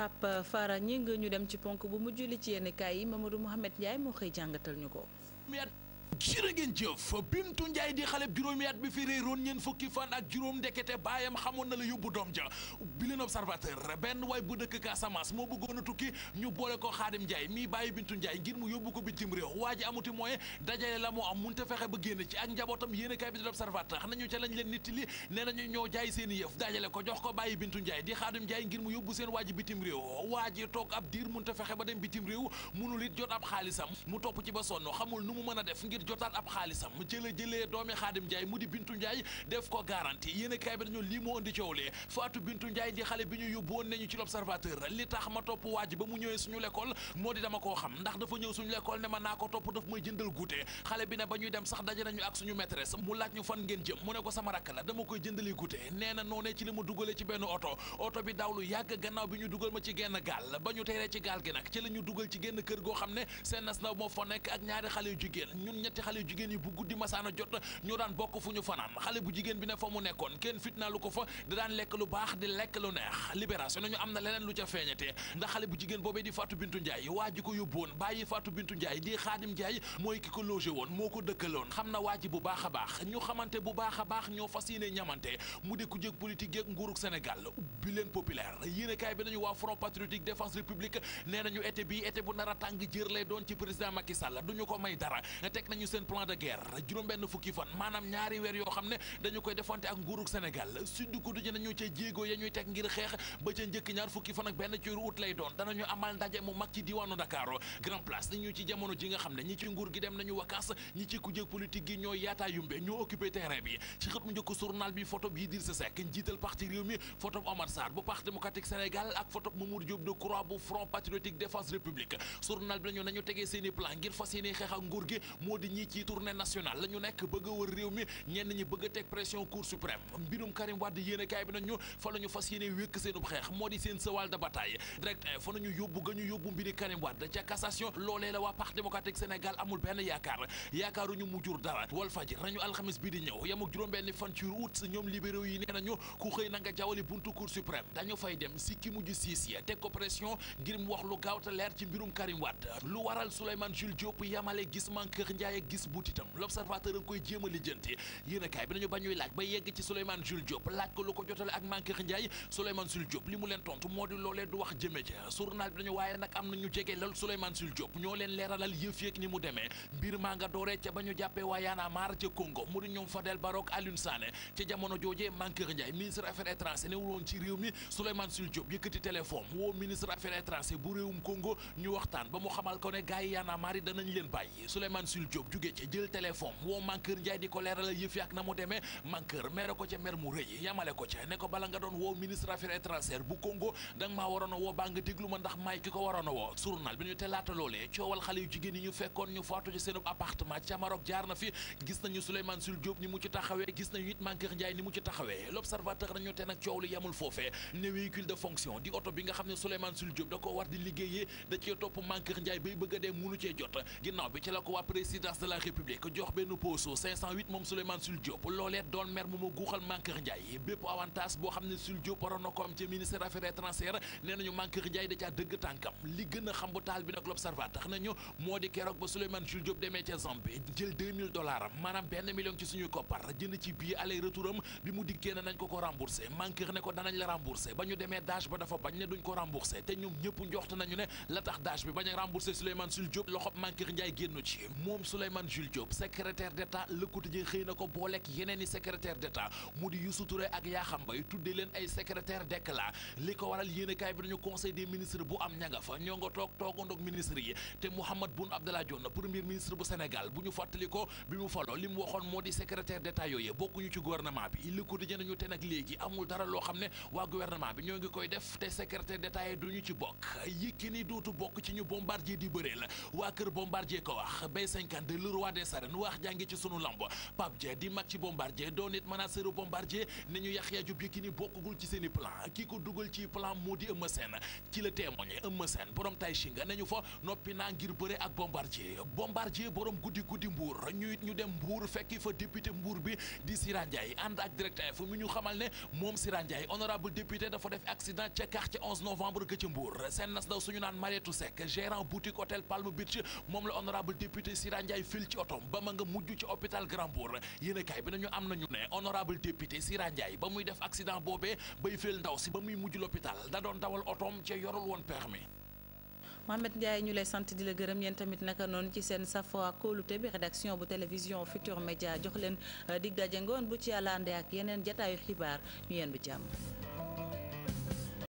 Pape Fara Gning ñu dem ci ponk bu mu li ci yennkaay yi kaay ma Mamadou Mouhamed Ndiaye moo xëy jàngatal ñu ko. jërë ngeen jëf Bintu Njaay di xale juróomi at bi fi réeroon ñeen fukki fan ak juróom ndekete baayam xamoon na la yóbbu doom ja bi leen observateur benn waay bu dëkk Casamance moo bëggoon a tukki ñu boole ko Xaadim Njaay mii bàyyi Bintu Njaay ngir mu yóbbu ko bitim réew waa ji amuti moyen dajale la moo am munte fexe ba génn ci ak njabootam yéen a kaay bi di l'observateur nañu ca lañ leen nitti li nee nañu ñoo jaay seen yëf dajale ko jox ko bàyyi Bintu Njaay di Xaadim Njaay ngir mu yóbbu seen waa ji bitim réew waa ji toog ab diir munte fexe ba dem bitim réew munul it jot ab xaalisam mu topp ci ba sonn xamul nu mu mën a def ngir jotaat ab xaalisam la jëlee doomi Xaadim Njaay mu di Bintu Njaay def ko garantie yéen a kaay bi dañu lii moo indi coow lee Fatou Bintu Njaay di xale bi ñu yóbbu woon nañu ci l'observateur li tax ma topp waaj ba mu ñëwee suñu lekkool moo di dama koo xam ndax dafa ñëw suñu lekkool ne ma naa ko topp daf may jëndal goûter xale bi ne ba ñuy dem sax daje ak suñu maîtresse mu laaj ñu ngeen jëm mu ne ko sama rakk la dama koy jëndali goûter nee na noonee ci li mu dugale ci benn oto oto bi dawlu yàgg gannaaw bi ñu dugal ma ci genn gaal ba ñu teeree ci gaal gi nag ci la ñu dugal ci genn kër goo xam ne seen nas na moo fa nekk ak ñaari xale yu jigéen ñun ñett ñetti xale jigéen yi bu guddi masaana jot ñoo daan bokk fu ñu fanaan xale bu jigéen bi ne fa mu nekkoon kenn fitnaalu ko fa da daan lekk lu baax di lekk lu neex libération nañu am na leneen lu ca feeñatee ndax xale bu jigéen boobee di Fatou Bintou Ndiaye waa ji ko yóbboon bàyyi Fatou Bintou Ndiaye di Xaadim Ndiaye mooy ki ko logé woon moo ko dëkkaloon xam na waa ji bu baax a baax ñu xamante bu baax a baax ñoo fas yéene ñamante mu di ku jëg politique yeeg nguurug Sénégal bi leen populaire yéenekaay bi nañu waa Front Patriotique Défense République nee nañu été bi été bu nar a tàng lay doon ci président Macky Sall duñu ko may dara seen plan de guerre juróom-benn fukki fan maanaam ñaari weer yoo xam ne dañu koy defante ak nguurug Sénégal Sud Quotidien nañu ca jéego ya ñuy teg ngir xeex ba ca njëkk ñaar xam ne ñi ci gi dem nañu vacances ñi ci kujje politique gi ñoo yaataa yumbe ñoo occupé terrain njiital parti réew mi photo Omar Sarr bu parti démocratique Sénégal ak photo Mamour Diop Decroix bu Front patriotique défense république journal bi nañu nañu tegee seeni plan ngir fas yéene xeex ak nguur gi moo di ñi ci tournée nationale la nekk bëgg a réew mi ñenn ñi bëgg teg pression cour suprême mbirum Karim Wade bi nañu fa la fas yéene wékk seenub xeex moo di seen sawal de bataille direct fa nañu yóbbu ga ñu yóbbu mbiri Karim ca cassation loolee waa Parti démocratique Sénégal amul benn yaakaar yaakaaruñu mu dara wal nañu alxamis bi di ñëw yamuk juróom-benn fan ci août ñoom libéraux yi nee nañu ku xëy na jawali buntu Dieng gis butitam l'observateur a koy jéem a lijjanti yéen a kaay bi laaj ba yegg ci Souleymane Jules Diop laaj ko lu ko jotale ak Mankeur Ndiaye Souleymane Jules Diop li mu leen tontu moo di loolee du wax jëme ca journal bi nañu waaye nag am na ñu jege lal Souleymane Jules Diop ñoo leen leeralal yëf yëg ni mu demee mbir maa nga dooree ca ba ñu jàppee waa Y'en a ca Congo mu di ñoom Fadel Barok Aliou Sané ca jamono joojee Mankeur Ndiaye ministre affaires jugee ci jël téléphone woo Mankeur Ndiaye di ko leeralal yëf yi na mu demee Mankeur mere ko ca mer mu rëy yamale ko ca ne ko bala nga doon woo ministre affaires étrangères bu Congo da nga maa a woo baa nga déglu ma ndax may ki ko waroon a woo journal bi ñu te laata loolee coowal xale yu jigéen yi ñu fekkoon ñu faatu ci seen appartement ca jaar na fi gis nañu Souleymane Jules Diop ni mu ci taxawee gis nañu it Mankeur Ndiaye ni mu ci taxawee l'observateur de la république jox benn pooso moom Souleymane Sul Diop loolee doon mer mu ma guuxal Mankeur Ndiaye bépp avantage boo xam ne Sul Diop waroon na ko am ci ministère affaires étrangères nañu Mankeur Ndiaye da caa dëgg tànkam li gën xam bu taal bi nag l'observateur tax nañu moo di keroog ba Souleymane Sul Diop demee ca Zambie jël 2000 dollars am maanaam benn million ci suñuy koppar jënd ci billet aller bi mu diggee ne ko ko remboursé ne ko danañ la Souleymane Jules Diop secrétaire d'État na ko booleeg yeneen i secrétaire d'État mu di Youssou Touré ak Yakham Mbaye tudde leen ay secrétaire d'éclat li ko waral yéenekaay bi nañu conseil des bu am ña nga fa ñoo nga toog toogandoog ministres yi te Mouhamed Boun Abdallah Dionne bu ñu fàttali ko bi mu faloo li waxoon moo di secrétaire d'État yooyu bokkuñu ci gouvernement bi Le Quotidien nañu te nag léegi amul dara loo xam ne waa gouvernement bi ñoo ngi koy def te secrétaire d'État yi duñu ci bokk Yékini dootu bokk ci ñu bombardier di bëreel waa kër bombardier ko wax B52 le roi des arènes wax jàngi ci sunu lamb Pape Dieng di mag ci bombardier doon it manaseeru bombardier ne ñu Yaxya Jub Yékini bokkagul ci seen plan kii ko dugal ci plan moo di Eumeu Sène ci la témoigné Eumeu Sène borom tay shinga nañu fa noppi naa ngir bëre ak bombardier bombardier borom guddi guddi mbuur ñu ñu dem mbuur fekki fa député mbuur bi di Sira Ndiaye ànd ak direct fa mu ñu xamal ne moom Sira Ndiaye honorable député dafa def accident ca quartier fil ci otom ba ma nga mujj ci hôpital Grand-Bourg kaay bi nañu am nañu ne honorable député Sira Ndiaye ba muy def accident boobee bay fil ndaw si ba muy mujj l'hôpital da doon dawal otom ci yorul woon permis Mohamed Ndiaye ñu lay sant di la gërëm yéen tamit naka noonu ci seen safo ak kóolute bi rédaction bu télévision Futur Média jox leen euh, dig daje ngoon bu ci àllande ak yeneen jataayu xibaar ñu yendu jàmm